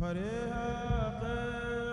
فريقا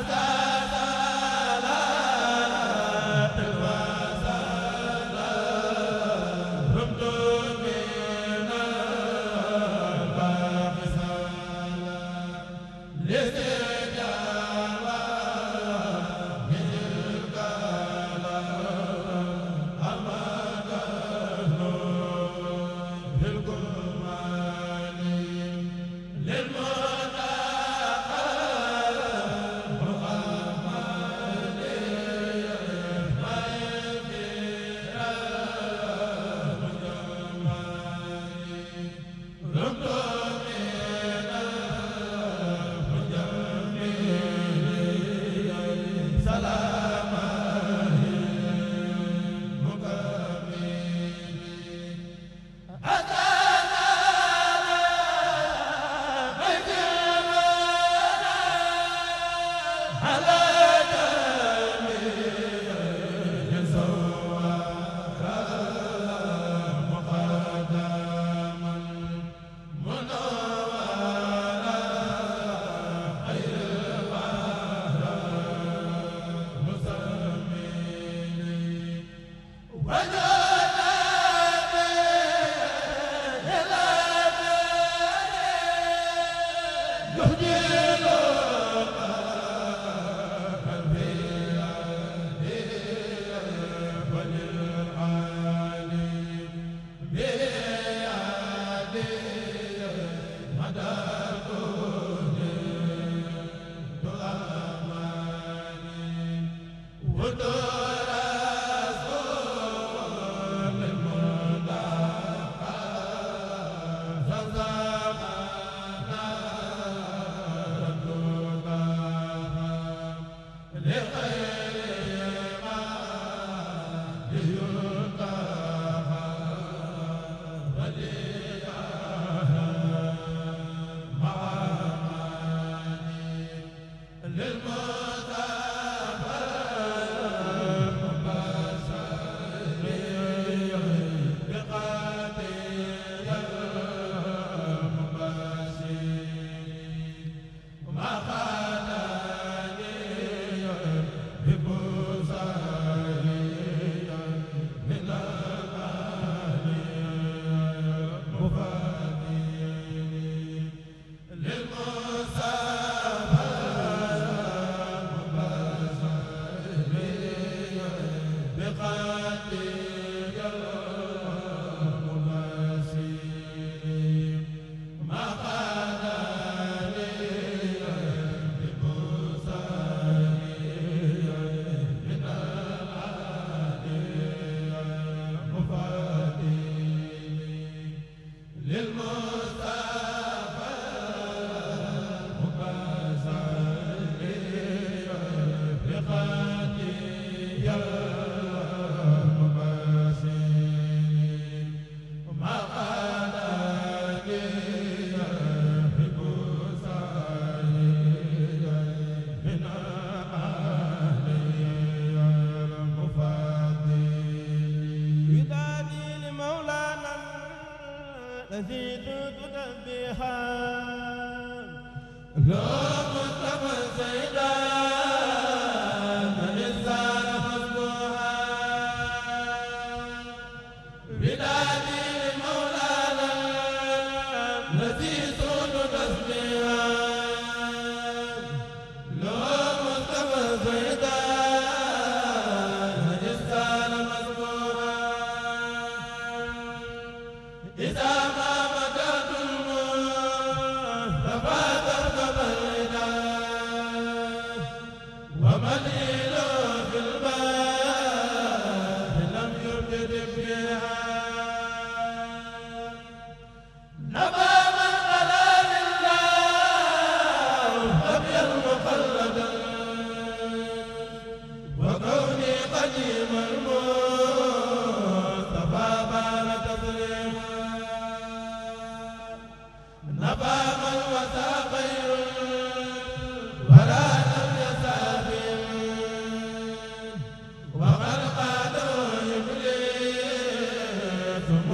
a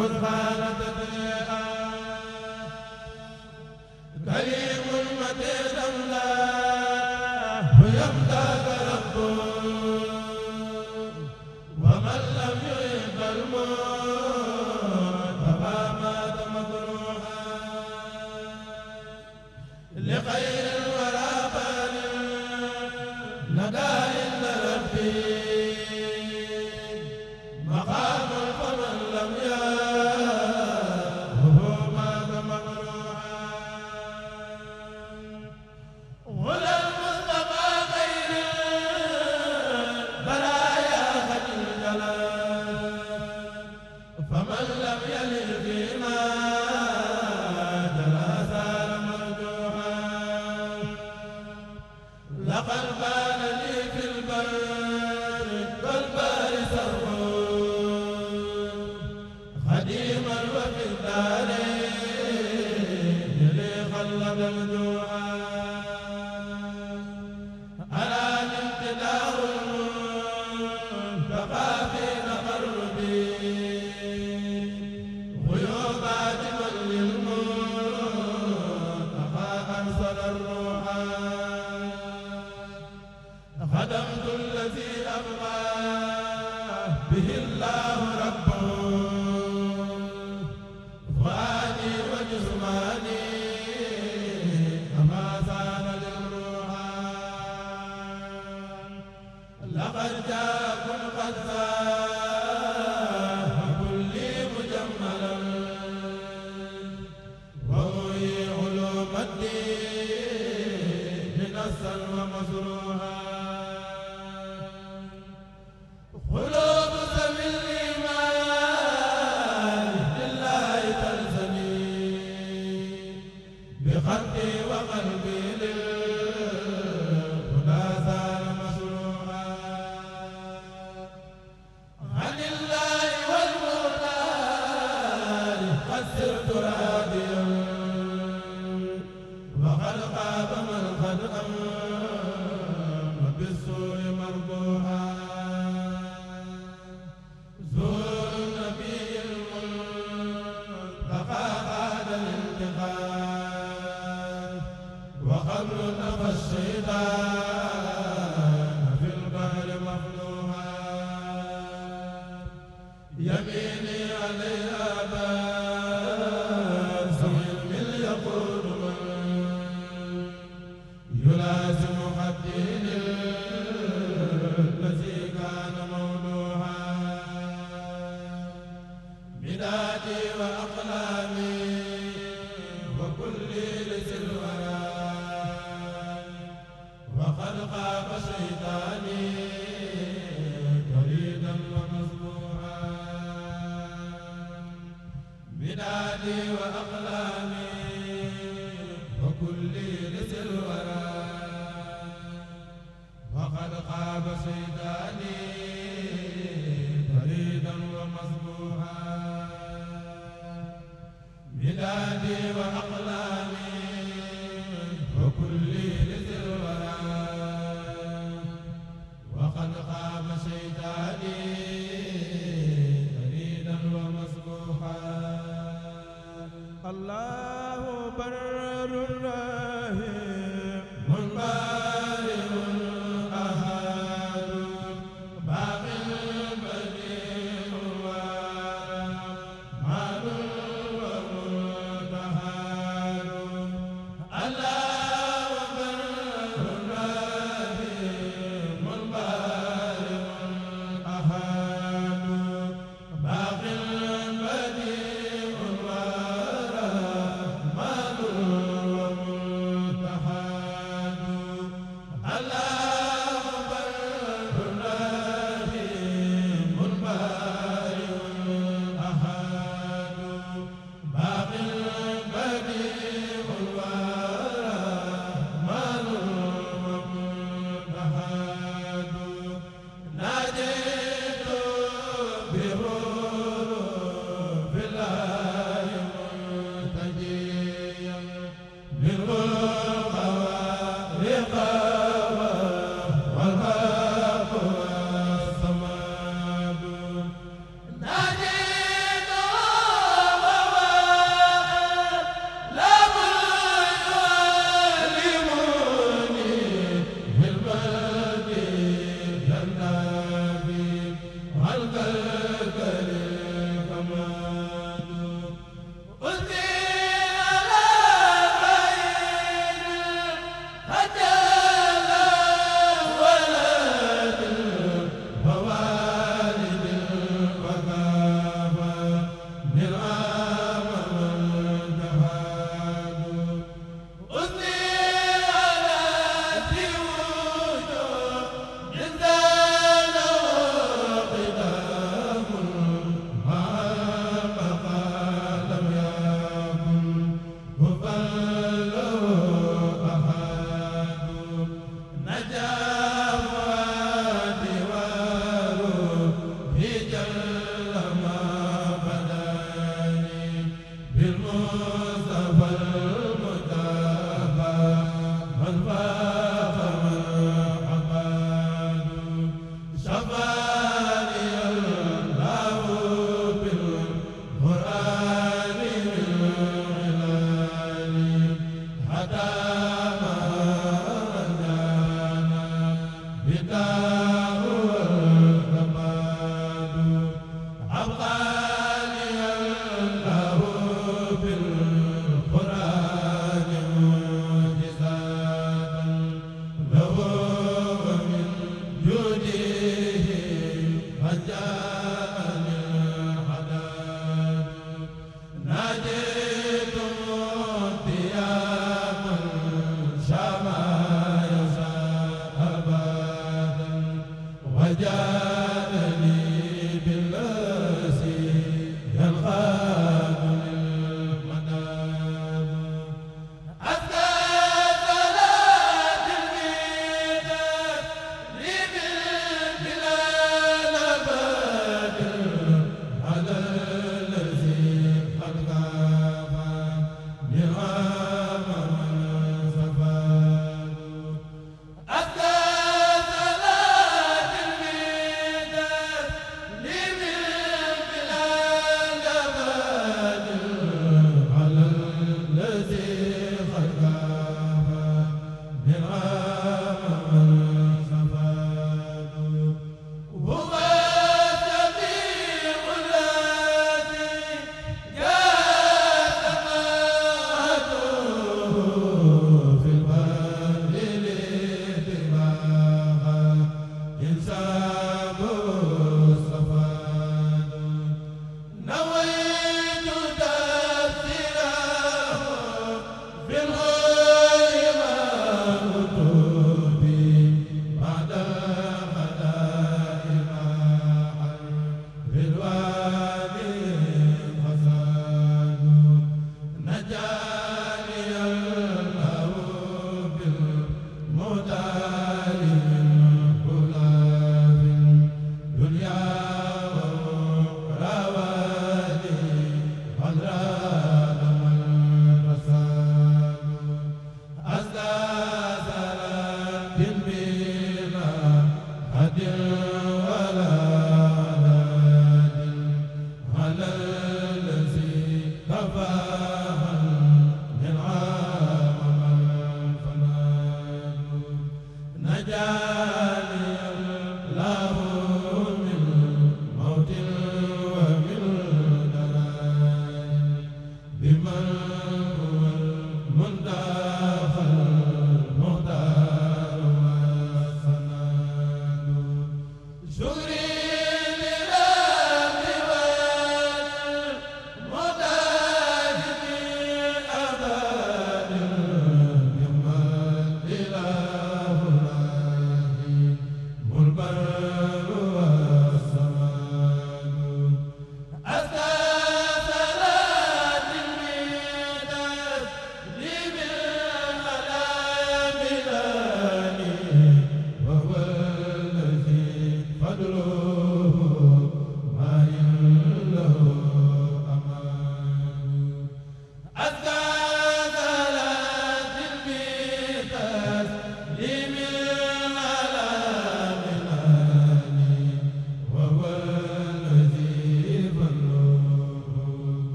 mën wa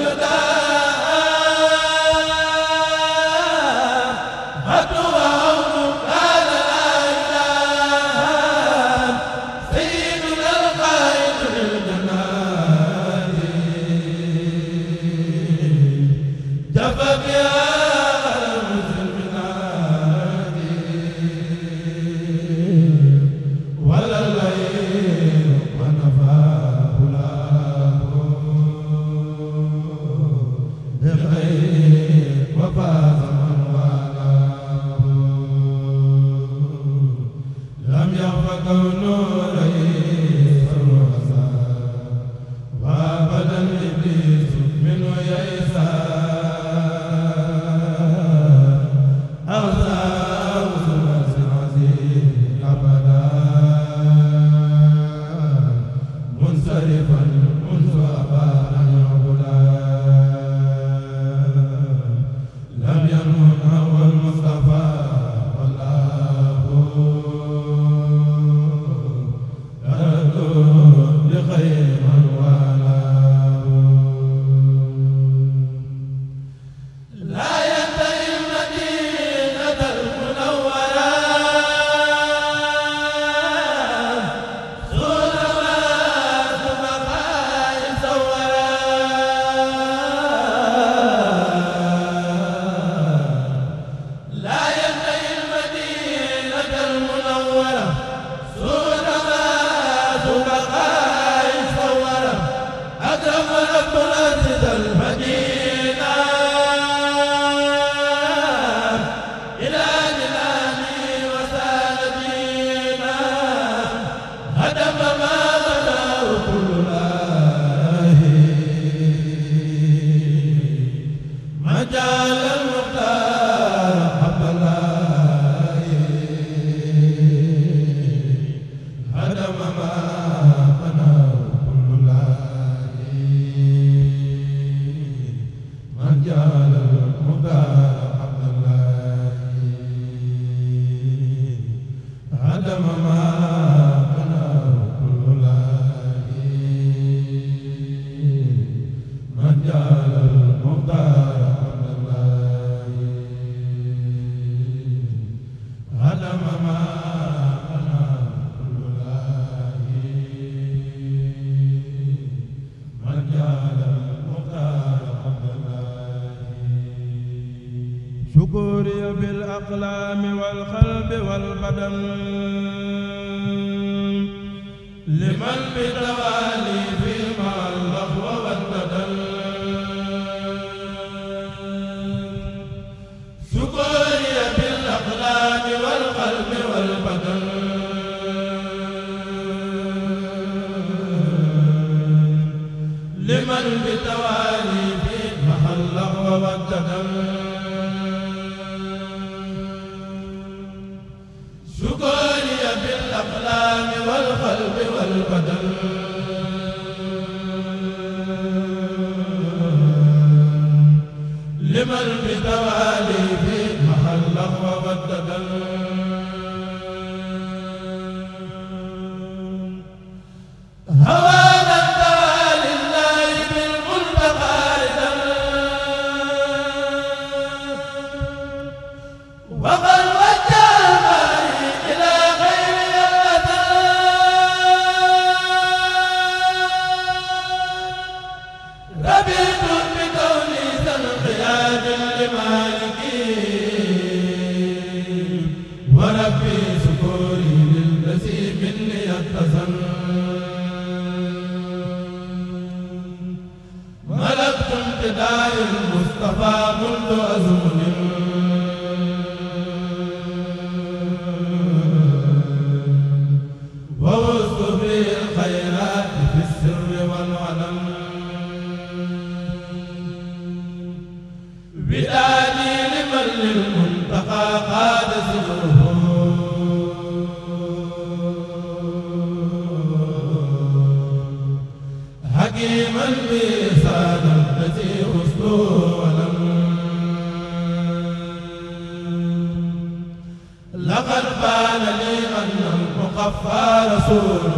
la fa rasul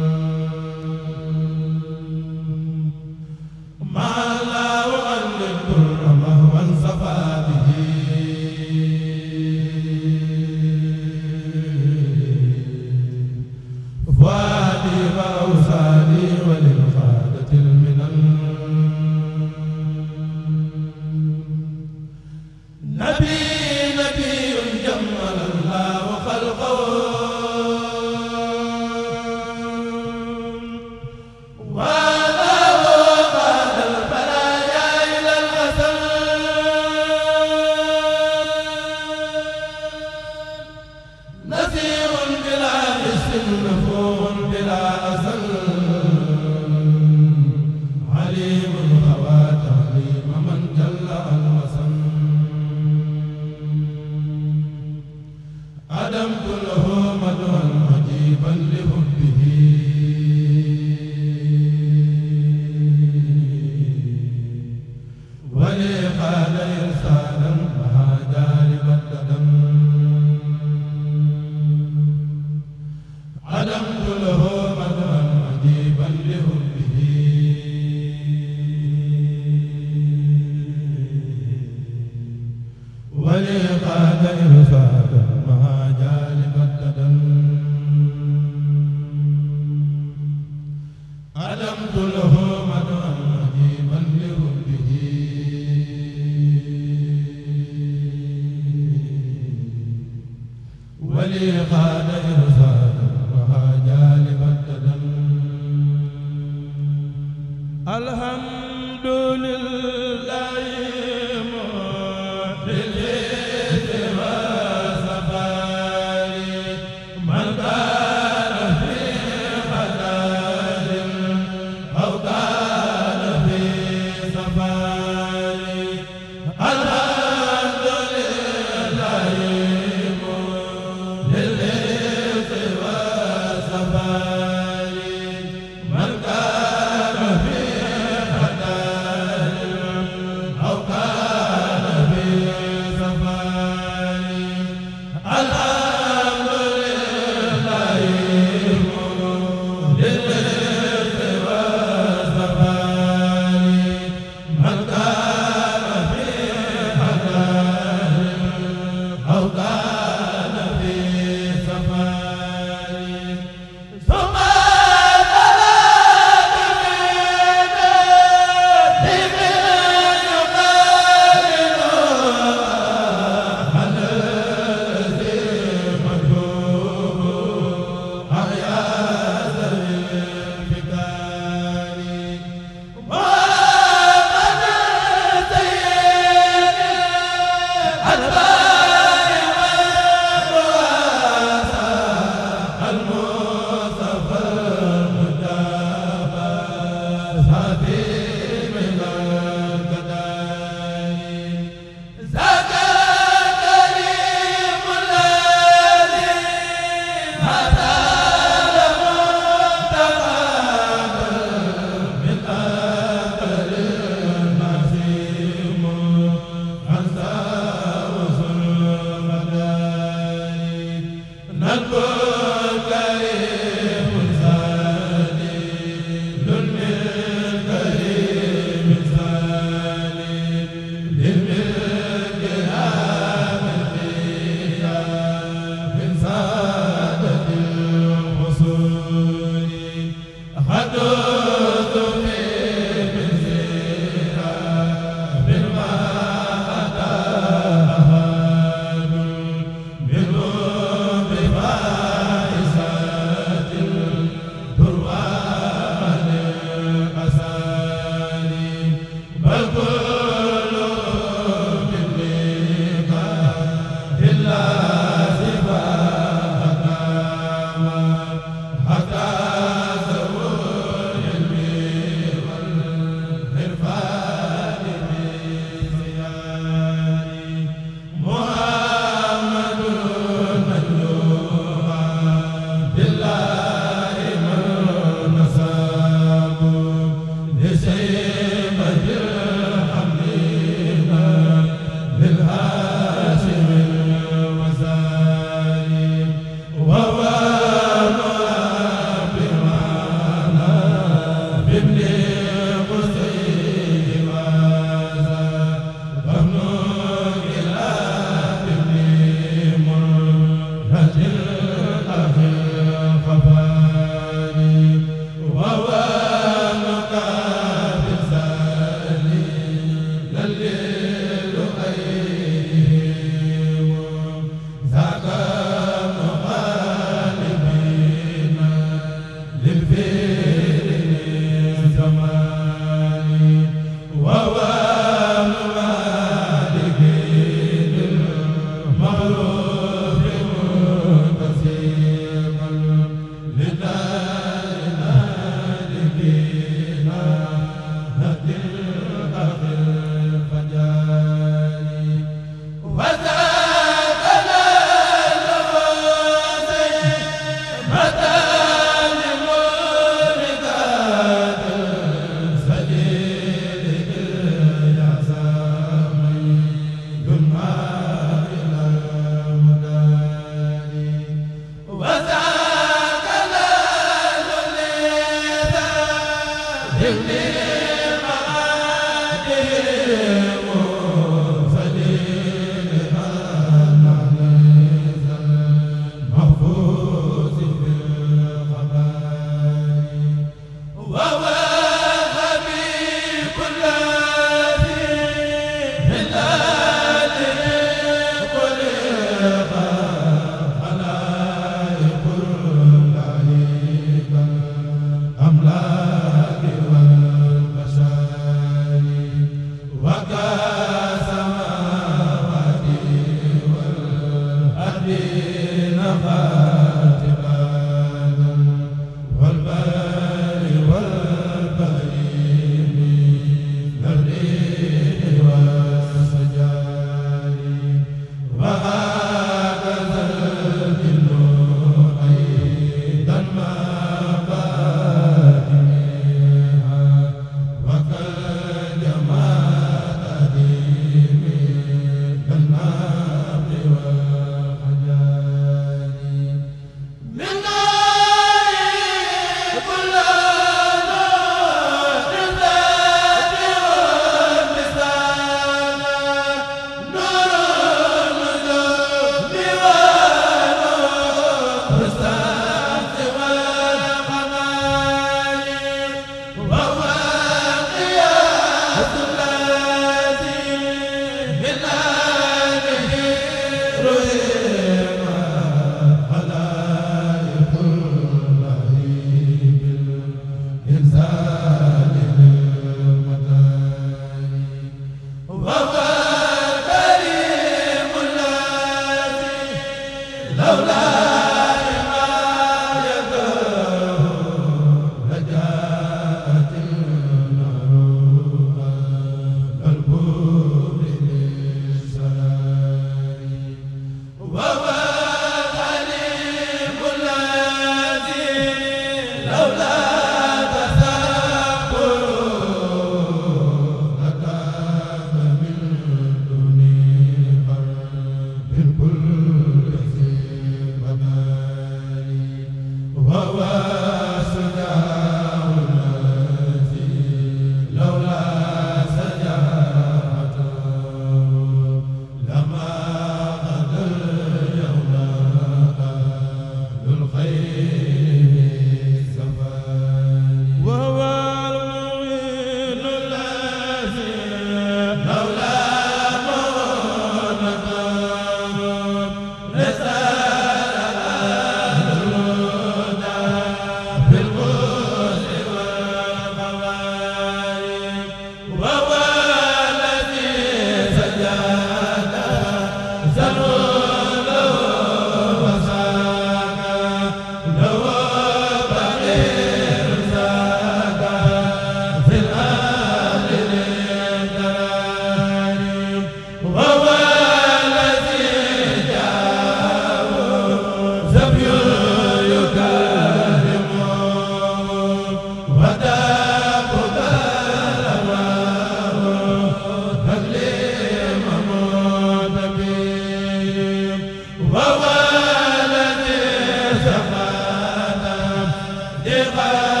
ba